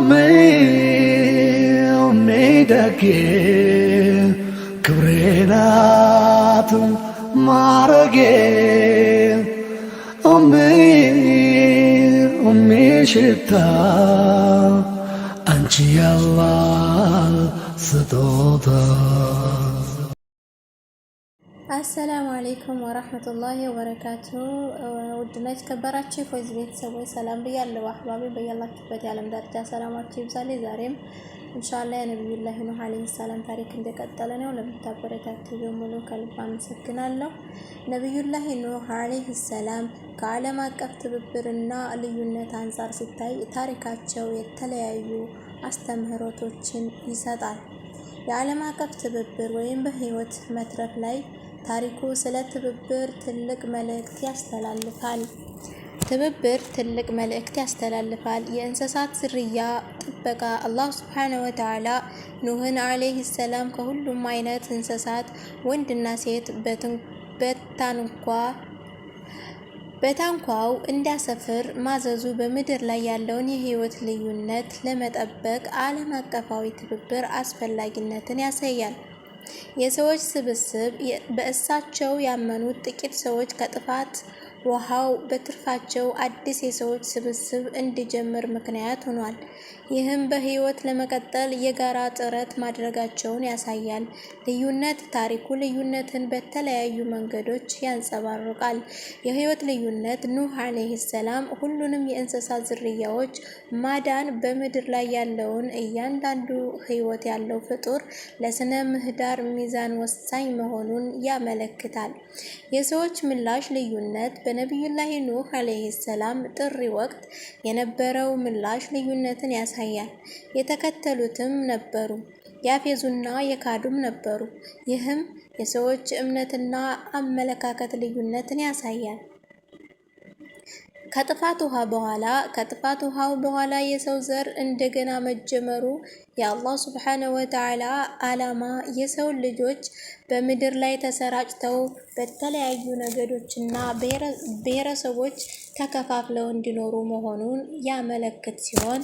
meu meida que crenato marge o meu o meu tá anti Allah se አሰላሙ አሌይኩም ወረህመቱላሂ ወበረካቱ። ውድና የተከበራችሁ ፎይዝ ቤተሰቦች ሰላም ብያለሁ። አህባቢ በያላችሁበት የዓለም ዳርቻ ሰላማችሁ ይብዛል። ዛሬም እንሻላ የነቢዩላሂ ኑህ ዓለይሂ ሰላም ታሪክ እንደቀጠለ ነው። ለምታበረታቱ በሙሉ ከልብ አመሰግናለሁ። ነቢዩላሂ ኑህ ዓለይሂ ሰላም ከዓለም አቀፍ ትብብርና ልዩነት አንጻር ሲታይ ታሪካቸው የተለያዩ አስተምህሮቶችን ይሰጣል። የዓለም አቀፍ ትብብር ወይም በህይወት መትረፍ ላይ ታሪኩ ስለ ትብብር ትልቅ መልእክት ያስተላልፋል። ትብብር ትልቅ መልእክት ያስተላልፋል። የእንስሳት ዝርያ ጥበቃ አላህ ሱብሓነሁ ወተዓላ ኑህን ዓለይሂ ሰላም ከሁሉም አይነት እንስሳት ወንድና ሴት በታንኳ በታንኳው እንዲያሰፍር ማዘዙ በምድር ላይ ያለውን የህይወት ልዩነት ለመጠበቅ ዓለም አቀፋዊ ትብብር አስፈላጊነትን ያሳያል። የሰዎች ስብስብ በእሳቸው ያመኑት ጥቂት ሰዎች ከጥፋት ውሃው በትርፋቸው አዲስ የሰዎች ስብስብ እንዲጀምር ምክንያት ሆኗል። ይህም በህይወት ለመቀጠል የጋራ ጥረት ማድረጋቸውን ያሳያል። ልዩነት ታሪኩ ልዩነትን በተለያዩ መንገዶች ያንጸባርቃል። የህይወት ልዩነት ኑህ ዓለይሂ ሰላም ሁሉንም የእንስሳት ዝርያዎች ማዳን በምድር ላይ ያለውን እያንዳንዱ ህይወት ያለው ፍጡር ለስነ ምህዳር ሚዛን ወሳኝ መሆኑን ያመለክታል። የሰዎች ምላሽ ልዩነት በነቢዩላሂ ኑህ ዓለይሂ ሰላም ጥሪ ወቅት የነበረው ምላሽ ልዩነትን ያሳያል። የተከተሉትም ነበሩ፣ ያፌዙና የካዱም ነበሩ። ይህም የሰዎች እምነትና አመለካከት ልዩነትን ያሳያል። ከጥፋት ውሃ በኋላ ከጥፋት ውሃው በኋላ የሰው ዘር እንደገና መጀመሩ የአላህ ሱብሓነሁ ወተዓላ አላማ የሰው ልጆች በምድር ላይ ተሰራጭተው በተለያዩ ነገዶችና ብሔረሰቦች ተከፋፍለው እንዲኖሩ መሆኑን ያመለክት ሲሆን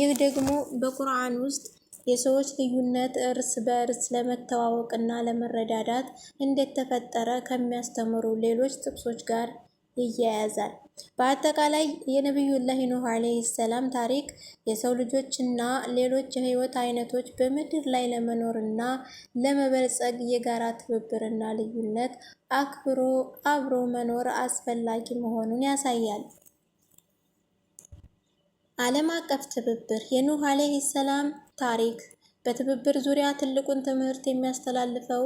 ይህ ደግሞ በቁርአን ውስጥ የሰዎች ልዩነት እርስ በእርስ ለመተዋወቅና ለመረዳዳት እንደተፈጠረ ከሚያስተምሩ ሌሎች ጥቅሶች ጋር ይያያዛል። በአጠቃላይ የነቢዩላህ ኑህ ዓለይሂ ሰላም ታሪክ የሰው ልጆች እና ሌሎች የህይወት አይነቶች በምድር ላይ ለመኖርና ለመበልጸግ የጋራ ትብብርና ልዩነት አክብሮ አብሮ መኖር አስፈላጊ መሆኑን ያሳያል። ዓለም አቀፍ ትብብር የኑህ ዓለይሂ ሰላም ታሪክ በትብብር ዙሪያ ትልቁን ትምህርት የሚያስተላልፈው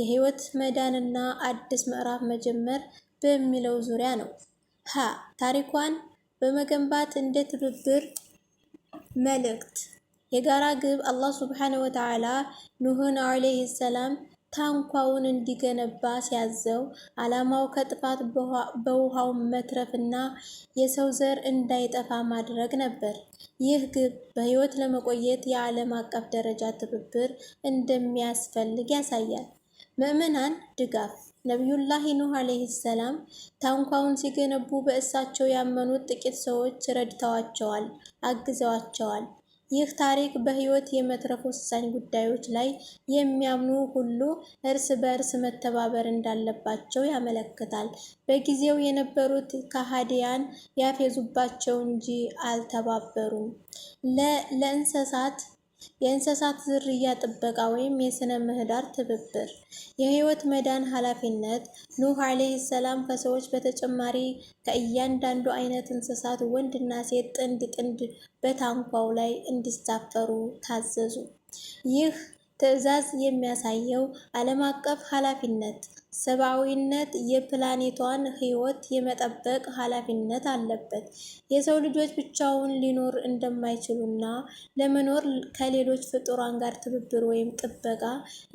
የህይወት መዳንና አዲስ ምዕራፍ መጀመር በሚለው ዙሪያ ነው። ፓ ታሪኳን በመገንባት እንደ ትብብር መልእክት የጋራ ግብ አላህ ስብሓነ ወተዓላ ኑህን ዓለይሂ ሰላም ታንኳውን እንዲገነባ ሲያዘው ዓላማው ከጥፋት በውሃው መትረፍና የሰው ዘር እንዳይጠፋ ማድረግ ነበር። ይህ ግብ በሕይወት ለመቆየት የዓለም አቀፍ ደረጃ ትብብር እንደሚያስፈልግ ያሳያል። ምዕመናን ድጋፍ ነቢዩላህ ኑህ ዓለይሂ ሰላም ታንኳውን ሲገነቡ በእሳቸው ያመኑት ጥቂት ሰዎች ረድተዋቸዋል፣ አግዘዋቸዋል። ይህ ታሪክ በሕይወት የመትረፍ ወሳኝ ጉዳዮች ላይ የሚያምኑ ሁሉ እርስ በእርስ መተባበር እንዳለባቸው ያመለክታል። በጊዜው የነበሩት ከሃዲያን ያፌዙባቸው እንጂ አልተባበሩም። ለእንስሳት የእንስሳት ዝርያ ጥበቃ ወይም የስነ ምህዳር ትብብር የህይወት መዳን ኃላፊነት ኑህ ዓለይሂ ሰላም ከሰዎች በተጨማሪ ከእያንዳንዱ አይነት እንስሳት ወንድና ሴት ጥንድ ጥንድ በታንኳው ላይ እንዲሳፈሩ ታዘዙ። ይህ ትዕዛዝ የሚያሳየው ዓለም አቀፍ ኃላፊነት፣ ሰብአዊነት የፕላኔቷን ሕይወት የመጠበቅ ኃላፊነት አለበት። የሰው ልጆች ብቻውን ሊኖር እንደማይችሉና ለመኖር ከሌሎች ፍጡራን ጋር ትብብር ወይም ጥበቃ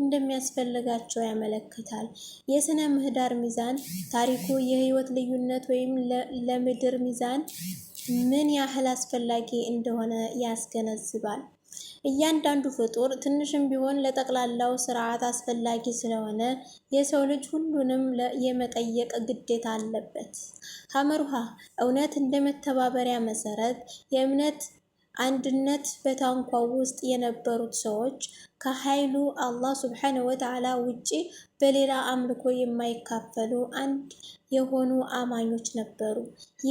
እንደሚያስፈልጋቸው ያመለክታል። የሥነ ምህዳር ሚዛን ታሪኩ የሕይወት ልዩነት ወይም ለምድር ሚዛን ምን ያህል አስፈላጊ እንደሆነ ያስገነዝባል። እያንዳንዱ ፍጡር ትንሽም ቢሆን ለጠቅላላው ስርዓት አስፈላጊ ስለሆነ የሰው ልጅ ሁሉንም የመጠየቅ ግዴታ አለበት። ሀመርሃ እውነት እንደ መተባበሪያ መሰረት የእምነት አንድነት በታንኳው ውስጥ የነበሩት ሰዎች ከኃይሉ አላህ ሱብሓነሁ ወተዓላ ውጪ በሌላ አምልኮ የማይካፈሉ አንድ የሆኑ አማኞች ነበሩ።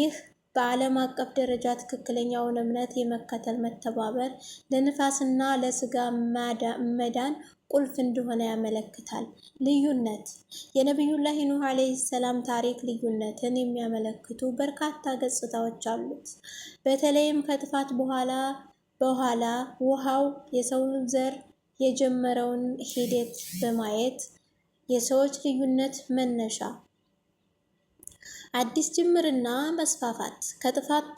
ይህ በዓለም አቀፍ ደረጃ ትክክለኛውን እምነት የመከተል መተባበር ለንፋስና ለስጋ መዳን ቁልፍ እንደሆነ ያመለክታል። ልዩነት የነቢዩላህ ኑህ ዓለይሂ ሰላም ታሪክ ልዩነትን የሚያመለክቱ በርካታ ገጽታዎች አሉት። በተለይም ከጥፋት በኋላ በኋላ ውሃው የሰውን ዘር የጀመረውን ሂደት በማየት የሰዎች ልዩነት መነሻ አዲስ ጅምርና መስፋፋት ከጥፋት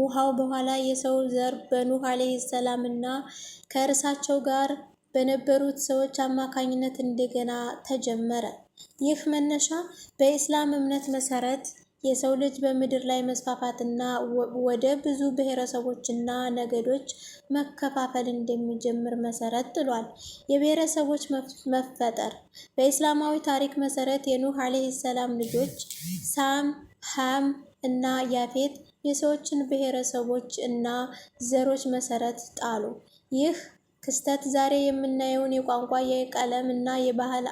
ውሃው በኋላ የሰው ዘር በኑህ ዓለይሂ ሰላም እና ከእርሳቸው ጋር በነበሩት ሰዎች አማካኝነት እንደገና ተጀመረ። ይህ መነሻ በኢስላም እምነት መሰረት የሰው ልጅ በምድር ላይ መስፋፋትና ወደ ብዙ ብሔረሰቦችና ነገዶች መከፋፈል እንደሚጀምር መሰረት ጥሏል። የብሔረሰቦች መፈጠር በእስላማዊ ታሪክ መሰረት የኑህ አለይሂ ሰላም ልጆች ሳም፣ ሃም እና ያፌት የሰዎችን ብሔረሰቦች እና ዘሮች መሰረት ጣሉ። ይህ ክስተት ዛሬ የምናየውን የቋንቋ የቀለም እና የባህል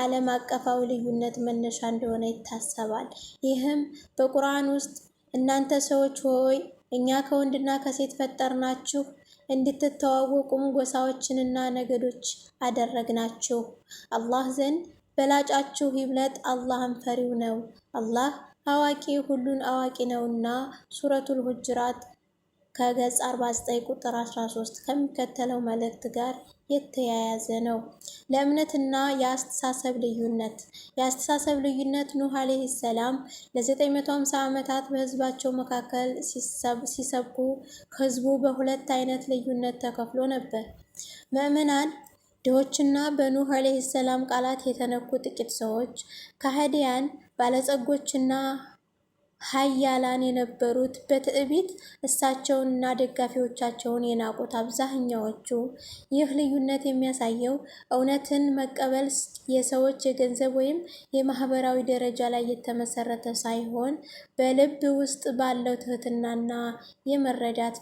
ዓለም አቀፋዊ ልዩነት መነሻ እንደሆነ ይታሰባል። ይህም በቁርአን ውስጥ እናንተ ሰዎች ሆይ እኛ ከወንድና ከሴት ፈጠርናችሁ እንድትተዋወቁም ጎሳዎችንና ነገዶች አደረግናችሁ። አላህ ዘንድ በላጫችሁ ይብለጥ አላህን ፈሪው ነው። አላህ አዋቂ ሁሉን አዋቂ ነውና ሱረቱል ሁጅራት ከገጽ 49 ቁጥር 13 ከሚከተለው መልእክት ጋር የተያያዘ ነው። ለእምነትና የአስተሳሰብ ልዩነት የአስተሳሰብ ልዩነት ኑህ አለይሂ ሰላም ለ950 ዓመታት በህዝባቸው መካከል ሲሰብኩ ህዝቡ በሁለት አይነት ልዩነት ተከፍሎ ነበር። ምዕመናን ድሆችና በኑህ አለይሂ ሰላም ቃላት የተነኩ ጥቂት ሰዎች፣ ከሃዲያን ባለጸጎችና ሀያላን የነበሩት በትዕቢት እሳቸውንና ደጋፊዎቻቸውን የናቁት አብዛኛዎቹ። ይህ ልዩነት የሚያሳየው እውነትን መቀበል የሰዎች የገንዘብ ወይም የማህበራዊ ደረጃ ላይ የተመሰረተ ሳይሆን በልብ ውስጥ ባለው ትህትናና የመረዳት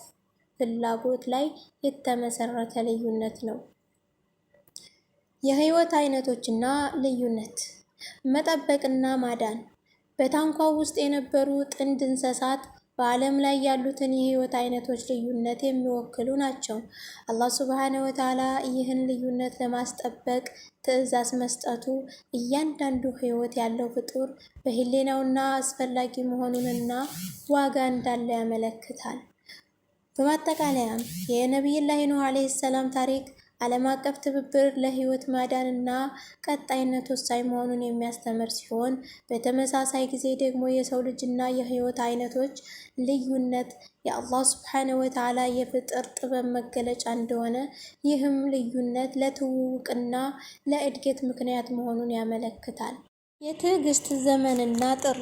ፍላጎት ላይ የተመሰረተ ልዩነት ነው። የህይወት አይነቶችና ልዩነት መጠበቅና ማዳን በታንኳው ውስጥ የነበሩ ጥንድ እንስሳት በዓለም ላይ ያሉትን የህይወት አይነቶች ልዩነት የሚወክሉ ናቸው። አላህ ሱብሐነሁ ወተዓላ ይህን ልዩነት ለማስጠበቅ ትዕዛዝ መስጠቱ እያንዳንዱ ህይወት ያለው ፍጡር በህሌናውና አስፈላጊ መሆኑንና ዋጋ እንዳለ ያመለክታል። በማጠቃለያም የነቢይላ ኑህ ዓለይሂ ሰላም ታሪክ ዓለም አቀፍ ትብብር ለህይወት ማዳን እና ቀጣይነት ወሳኝ መሆኑን የሚያስተምር ሲሆን በተመሳሳይ ጊዜ ደግሞ የሰው ልጅና የህይወት አይነቶች ልዩነት የአላህ ስብሓነ ወተዓላ የፍጥር ጥበብ መገለጫ እንደሆነ ይህም ልዩነት ለትውውቅና ለእድገት ምክንያት መሆኑን ያመለክታል። የትዕግስት ዘመንና ጥሪ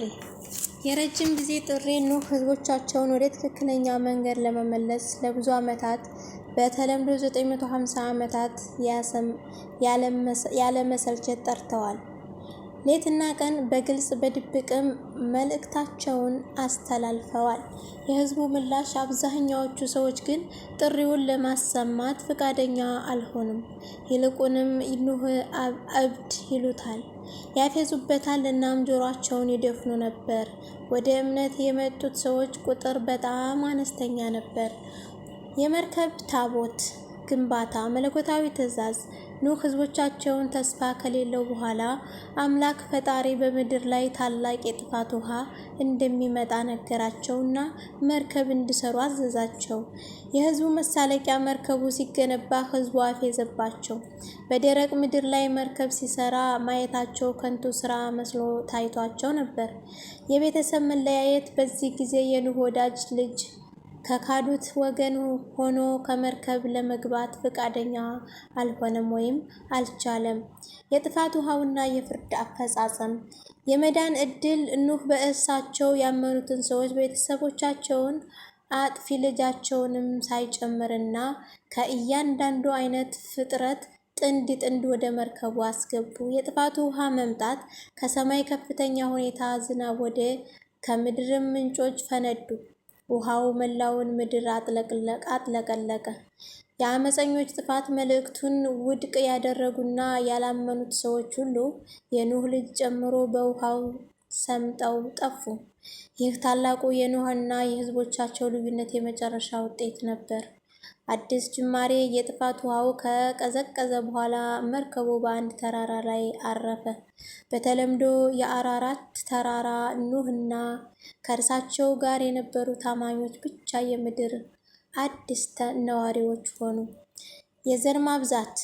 የረጅም ጊዜ ጥሪ ኑህ ህዝቦቻቸውን ወደ ትክክለኛ መንገድ ለመመለስ ለብዙ ዓመታት በተለምዶ 950 ዓመታት ያለመሰልቸት ጠርተዋል። ሌትና ቀን በግልጽ በድብቅም መልእክታቸውን አስተላልፈዋል። የህዝቡ ምላሽ፣ አብዛኛዎቹ ሰዎች ግን ጥሪውን ለማሰማት ፈቃደኛ አልሆኑም። ይልቁንም ኑህ እብድ ይሉታል። ያፌዙበታል። እናም ጆሯቸውን ይደፍኑ ነበር። ወደ እምነት የመጡት ሰዎች ቁጥር በጣም አነስተኛ ነበር። የመርከብ ታቦት ግንባታ መለኮታዊ ትዕዛዝ ኑህ ህዝቦቻቸውን ተስፋ ከሌለው በኋላ አምላክ ፈጣሪ በምድር ላይ ታላቅ የጥፋት ውሃ እንደሚመጣ ነገራቸውና መርከብ እንዲሰሩ አዘዛቸው። የህዝቡ መሳለቂያ መርከቡ ሲገነባ ህዝቡ አፍ የዘባቸው። በደረቅ ምድር ላይ መርከብ ሲሰራ ማየታቸው ከንቱ ስራ መስሎ ታይቷቸው ነበር። የቤተሰብ መለያየት በዚህ ጊዜ የኑህ ወዳጅ ልጅ ከካዱት ወገን ሆኖ ከመርከብ ለመግባት ፈቃደኛ አልሆነም ወይም አልቻለም። የጥፋት ውሃውና የፍርድ አፈጻጸም የመዳን እድል ኑህ በእሳቸው ያመኑትን ሰዎች ቤተሰቦቻቸውን አጥፊ ልጃቸውንም ሳይጨምርና ከእያንዳንዱ አይነት ፍጥረት ጥንድ ጥንድ ወደ መርከቡ አስገቡ። የጥፋቱ ውሃ መምጣት ከሰማይ ከፍተኛ ሁኔታ ዝናብ ወደ ከምድርም ምንጮች ፈነዱ። ውሃው መላውን ምድር አጥለቅለቅ አጥለቀለቀ። የአመፀኞች ጥፋት መልእክቱን ውድቅ ያደረጉና ያላመኑት ሰዎች ሁሉ የኑህ ልጅ ጨምሮ በውሃው ሰምጠው ጠፉ። ይህ ታላቁ የኑህና የህዝቦቻቸው ልዩነት የመጨረሻ ውጤት ነበር። አዲስ ጅማሬ የጥፋት ውሃው ከቀዘቀዘ በኋላ መርከቡ በአንድ ተራራ ላይ አረፈ። በተለምዶ የአራራት ተራራ ኑህና ከእርሳቸው ጋር የነበሩ ታማኞች ብቻ የምድር አዲስ ነዋሪዎች ሆኑ። የዘር ማብዛት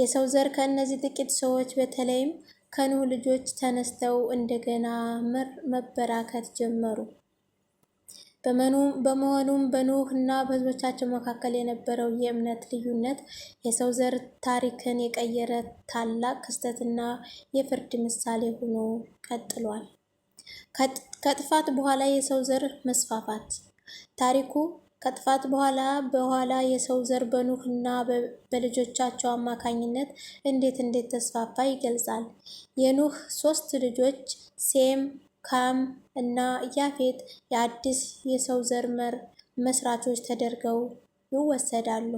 የሰው ዘር ከእነዚህ ጥቂት ሰዎች በተለይም ከኑህ ልጆች ተነስተው እንደገና መበራከት ጀመሩ። በመሆኑም በኖህ እና በህዝቦቻቸው መካከል የነበረው የእምነት ልዩነት የሰው ዘር ታሪክን የቀየረ ታላቅ ክስተትና የፍርድ ምሳሌ ሆኖ ቀጥሏል። ከጥፋት በኋላ የሰው ዘር መስፋፋት ታሪኩ ከጥፋት በኋላ በኋላ የሰው ዘር በኖህ እና በልጆቻቸው አማካኝነት እንዴት እንዴት ተስፋፋ ይገልጻል። የኖህ ሶስት ልጆች ሴም፣ ካም እና ያፌት የአዲስ የሰው ዘር መር መስራቾች ተደርገው ይወሰዳሉ።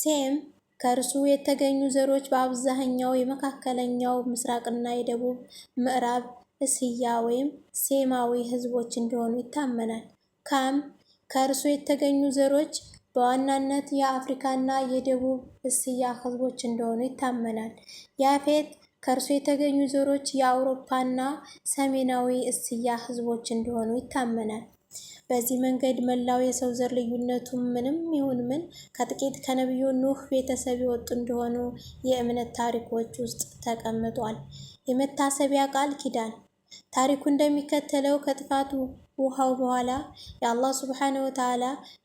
ሴም ከእርሱ የተገኙ ዘሮች በአብዛኛው የመካከለኛው ምስራቅና የደቡብ ምዕራብ እስያ ወይም ሴማዊ ህዝቦች እንደሆኑ ይታመናል። ካም ከእርሱ የተገኙ ዘሮች በዋናነት የአፍሪካና የደቡብ እስያ ህዝቦች እንደሆኑ ይታመናል። ያፌት ከእርሱ የተገኙ ዘሮች የአውሮፓና ሰሜናዊ እስያ ህዝቦች እንደሆኑ ይታመናል። በዚህ መንገድ መላው የሰው ዘር ልዩነቱ ምንም ይሁን ምን ከጥቂት ከነቢዩ ኑህ ቤተሰብ የወጡ እንደሆኑ የእምነት ታሪኮች ውስጥ ተቀምጧል። የመታሰቢያ ቃል ኪዳን ታሪኩ እንደሚከተለው ከጥፋቱ ውሃው በኋላ የአላህ ስብሓነ ወተዓላ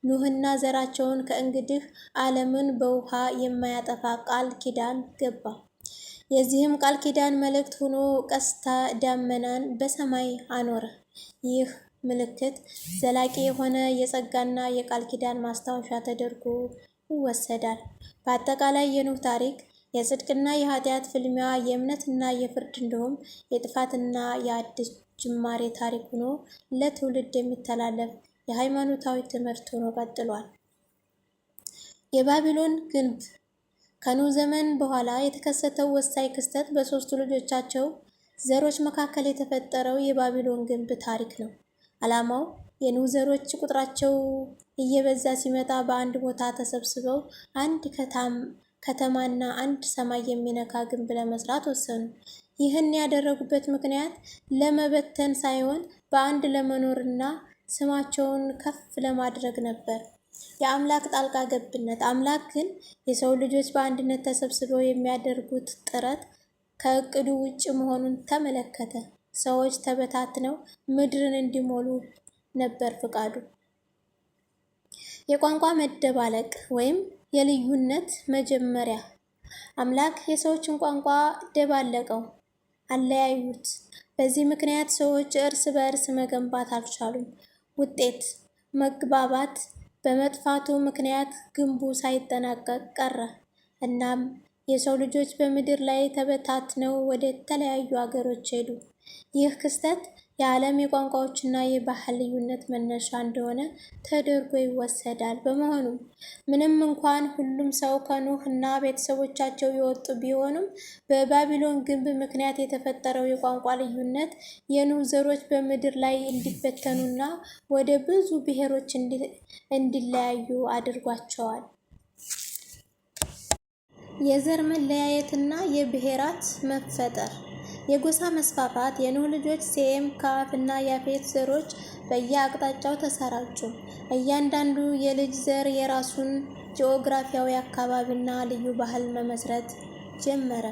ኑህና ዘራቸውን ከእንግዲህ ዓለምን በውሃ የማያጠፋ ቃል ኪዳን ገባ። የዚህም ቃል ኪዳን መልእክት ሆኖ ቀስታ ደመናን በሰማይ አኖረ። ይህ ምልክት ዘላቂ የሆነ የጸጋና የቃል ኪዳን ማስታወሻ ተደርጎ ይወሰዳል። በአጠቃላይ የኑህ ታሪክ የጽድቅና የኃጢአት ፍልሚያ፣ የእምነትና የፍርድ እንዲሁም የጥፋትና የአዲስ ጅማሬ ታሪክ ሆኖ ለትውልድ የሚተላለፍ የሃይማኖታዊ ትምህርት ሆኖ ቀጥሏል። የባቢሎን ግንብ ከኑ ዘመን በኋላ የተከሰተው ወሳኝ ክስተት በሦስቱ ልጆቻቸው ዘሮች መካከል የተፈጠረው የባቢሎን ግንብ ታሪክ ነው። ዓላማው የኑ ዘሮች ቁጥራቸው እየበዛ ሲመጣ በአንድ ቦታ ተሰብስበው አንድ ከተማና አንድ ሰማይ የሚነካ ግንብ ለመስራት ወሰኑ። ይህን ያደረጉበት ምክንያት ለመበተን ሳይሆን በአንድ ለመኖርና ስማቸውን ከፍ ለማድረግ ነበር። የአምላክ ጣልቃ ገብነት አምላክ ግን የሰው ልጆች በአንድነት ተሰብስበው የሚያደርጉት ጥረት ከእቅዱ ውጭ መሆኑን ተመለከተ። ሰዎች ተበታትነው ምድርን እንዲሞሉ ነበር ፍቃዱ። የቋንቋ መደባለቅ ወይም የልዩነት መጀመሪያ አምላክ የሰዎችን ቋንቋ ደባለቀው፣ አለያዩት። በዚህ ምክንያት ሰዎች እርስ በእርስ መገንባት አልቻሉም። ውጤት መግባባት በመጥፋቱ ምክንያት ግንቡ ሳይጠናቀቅ ቀረ። እናም የሰው ልጆች በምድር ላይ ተበታትነው ወደ ተለያዩ አገሮች ሄዱ። ይህ ክስተት የዓለም የቋንቋዎችና የባህል ልዩነት መነሻ እንደሆነ ተደርጎ ይወሰዳል። በመሆኑም ምንም እንኳን ሁሉም ሰው ከኑህ እና ቤተሰቦቻቸው የወጡ ቢሆኑም በባቢሎን ግንብ ምክንያት የተፈጠረው የቋንቋ ልዩነት የኑህ ዘሮች በምድር ላይ እንዲበተኑና ወደ ብዙ ብሔሮች እንዲለያዩ አድርጓቸዋል። የዘር መለያየትና የብሔራት መፈጠር የጎሳ መስፋፋት የኖህ ልጆች ሴም፣ ካፍ እና ያፌት ዘሮች በየአቅጣጫው ተሰራጩ። እያንዳንዱ የልጅ ዘር የራሱን ጂኦግራፊያዊ አካባቢና ልዩ ባህል መመስረት ጀመረ።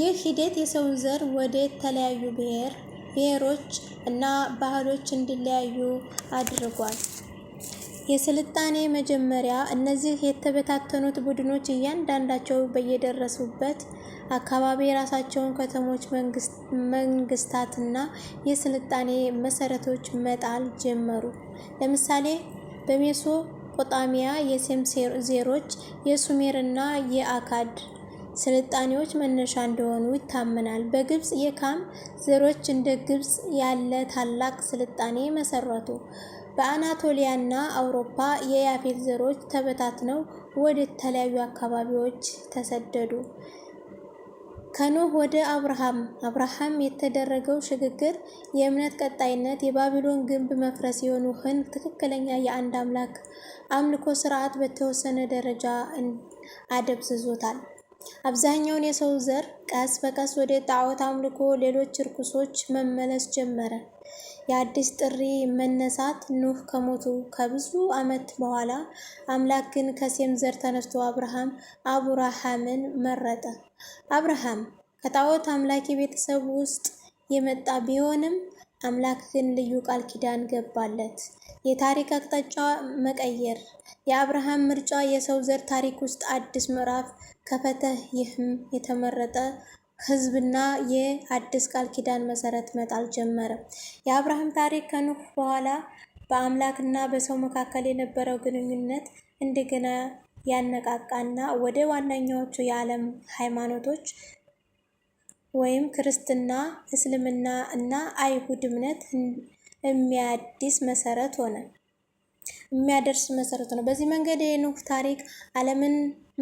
ይህ ሂደት የሰውን ዘር ወደ ተለያዩ ብሔር ብሔሮች እና ባህሎች እንዲለያዩ አድርጓል። የስልጣኔ መጀመሪያ እነዚህ የተበታተኑት ቡድኖች እያንዳንዳቸው በየደረሱበት አካባቢ የራሳቸውን ከተሞች፣ መንግስታትና የስልጣኔ መሰረቶች መጣል ጀመሩ። ለምሳሌ በሜሶ ቆጣሚያ የሴምሴሮች የሱሜርና የአካድ ስልጣኔዎች መነሻ እንደሆኑ ይታመናል። በግብፅ የካም ዘሮች እንደ ግብፅ ያለ ታላቅ ስልጣኔ መሰረቱ። በአናቶሊያና አውሮፓ የያፌት ዘሮች ተበታትነው ወደ ተለያዩ አካባቢዎች ተሰደዱ። ከኖህ ወደ አብርሃም አብርሃም የተደረገው ሽግግር የእምነት ቀጣይነት የባቢሎን ግንብ መፍረስ የኖህን ትክክለኛ የአንድ አምላክ አምልኮ ስርዓት በተወሰነ ደረጃ አደብዝዞታል። አብዛኛውን የሰው ዘር ቀስ በቀስ ወደ ጣዖት አምልኮ፣ ሌሎች እርኩሶች መመለስ ጀመረ። የአዲስ ጥሪ መነሳት ኑህ ከሞቱ ከብዙ ዓመት በኋላ አምላክ ግን ከሴም ዘር ተነስቶ አብርሃም አቡራሃምን መረጠ። አብርሃም ከጣዖት አምላኪ ቤተሰብ ውስጥ የመጣ ቢሆንም አምላክ ግን ልዩ ቃል ኪዳን ገባለት። የታሪክ አቅጣጫ መቀየር የአብርሃም ምርጫ የሰው ዘር ታሪክ ውስጥ አዲስ ምዕራፍ ከፈተ። ይህም የተመረጠ ህዝብና የአዲስ ቃል ኪዳን መሰረት መጣል ጀመረ። የአብርሃም ታሪክ ከኑህ በኋላ በአምላክና በሰው መካከል የነበረው ግንኙነት እንደገና ያነቃቃና ወደ ዋነኛዎቹ የዓለም ሃይማኖቶች ወይም ክርስትና፣ እስልምና እና አይሁድ እምነት የሚያድስ መሰረት ሆነ። የሚያደርስ መሰረት ነው። በዚህ መንገድ የኑህ ታሪክ ዓለምን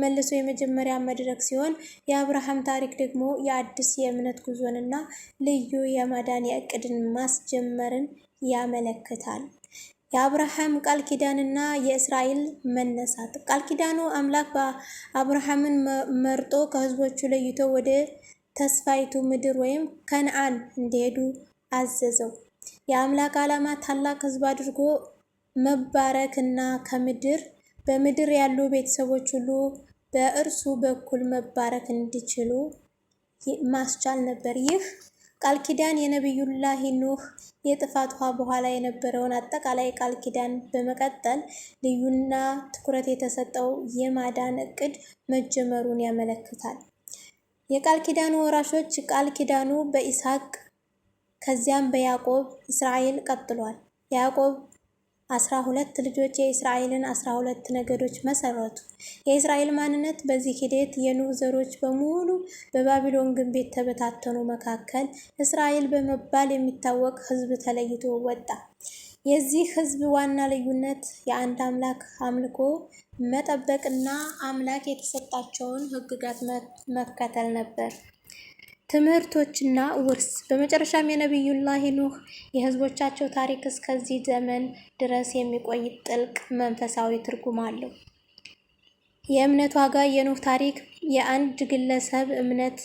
መልሶ የመጀመሪያ መድረክ ሲሆን የአብርሃም ታሪክ ደግሞ የአዲስ የእምነት ጉዞንና ልዩ የማዳን የእቅድን ማስጀመርን ያመለክታል። የአብርሃም ቃል ኪዳንና የእስራኤል መነሳት። ቃል ኪዳኑ አምላክ አብርሃምን መርጦ ከህዝቦቹ ለይቶ ወደ ተስፋይቱ ምድር ወይም ከነዓን እንዲሄዱ አዘዘው። የአምላክ ዓላማ ታላቅ ህዝብ አድርጎ መባረክ እና ከምድር በምድር ያሉ ቤተሰቦች ሁሉ በእርሱ በኩል መባረክ እንዲችሉ ማስቻል ነበር። ይህ ቃል ኪዳን የነቢዩላህ ኑህ የጥፋት ውሃ በኋላ የነበረውን አጠቃላይ ቃል ኪዳን በመቀጠል ልዩና ትኩረት የተሰጠው የማዳን እቅድ መጀመሩን ያመለክታል። የቃል ኪዳኑ ወራሾች ቃል ኪዳኑ በኢስሐቅ ከዚያም በያዕቆብ እስራኤል ቀጥሏል። ያዕቆብ አስራ ሁለት ልጆች የእስራኤልን አስራ ሁለት ነገዶች መሰረቱ። የእስራኤል ማንነት በዚህ ሂደት የኑህ ዘሮች በሙሉ በባቢሎን ግንቤት ተበታተኑ መካከል እስራኤል በመባል የሚታወቅ ሕዝብ ተለይቶ ወጣ። የዚህ ሕዝብ ዋና ልዩነት የአንድ አምላክ አምልኮ መጠበቅና አምላክ የተሰጣቸውን ሕግጋት መከተል ነበር። ትምህርቶችና ውርስ በመጨረሻም የነቢዩላህ ኑህ የህዝቦቻቸው ታሪክ እስከዚህ ዘመን ድረስ የሚቆይ ጥልቅ መንፈሳዊ ትርጉም አለው። የእምነት ዋጋ የኑህ ታሪክ የአንድ ግለሰብ እምነት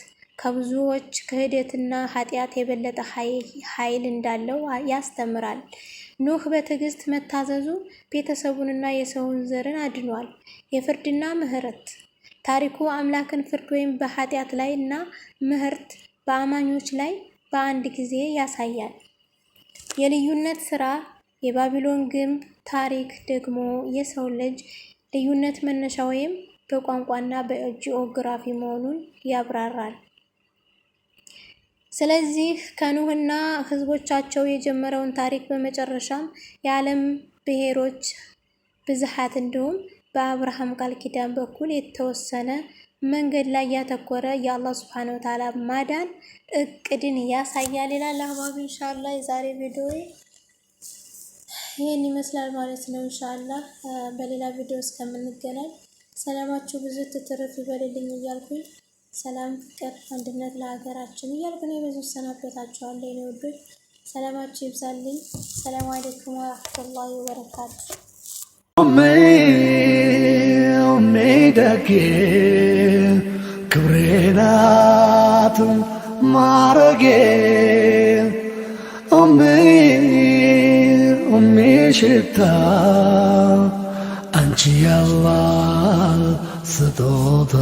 ከብዙዎች ክህደትና ኃጢአት የበለጠ ኃይል እንዳለው ያስተምራል። ኑህ በትዕግስት መታዘዙ ቤተሰቡንና የሰውን ዘርን አድኗል። የፍርድና ምህረት። ታሪኩ አምላክን ፍርድ ወይም በኃጢአት ላይ እና ምህርት በአማኞች ላይ በአንድ ጊዜ ያሳያል። የልዩነት ስራ የባቢሎን ግንብ ታሪክ ደግሞ የሰው ልጅ ልዩነት መነሻ ወይም በቋንቋና በጂኦግራፊ መሆኑን ያብራራል። ስለዚህ ከኑህና ህዝቦቻቸው የጀመረውን ታሪክ በመጨረሻም የዓለም ብሔሮች ብዝሃት እንዲሁም በአብርሃም ቃል ኪዳን በኩል የተወሰነ መንገድ ላይ ያተኮረ የአላህ ስብሐነ ወተዓላ ማዳን እቅድን ያሳያል ይላል አህባብ። እንሻላ የዛሬ ቪዲዮ ይህን ይመስላል ማለት ነው። እንሻላ በሌላ ቪዲዮ እስከምንገናኝ ሰላማችሁ ብዙ ትትርፍ ይበልልኝ እያልኩኝ ሰላም፣ ፍቅር፣ አንድነት ለሀገራችን እያልኩን ነው በዙ ሰናበታችኋለሁ። የኔ ወዶች ሰላማችሁ ይብዛልኝ። ሰላም አለይኩም ወራህመቱላሂ ወበረካቱ። ወንድሜ ደጌ ክብሬ ናት ማረጌ ኦሜ ኦሜ ሽታ አንቺ ያላ ስጦታ